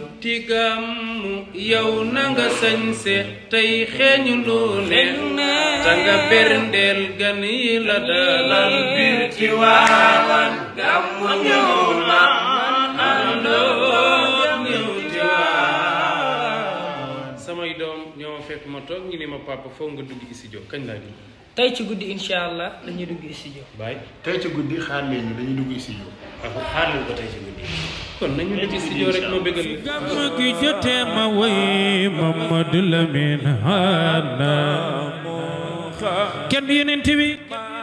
wuti gàmmu yow na nga sañse tey xeeñu lu neex ta berndeel gan yi la dalal biir ci waawan gàmmu ñëw na àndoon ñëw ci samay doom ñoo fekk ma toog ñu ne ma papa foog nga dugg ci kañ laa dugg tey ci guddi incha allah dañuy dugg studio. Baye tey dugg ci kon nañu la ci studio rek ma bëggal gàmm gi jotee ma woy Mamadou Lamine Hanna kenn du yeneen bi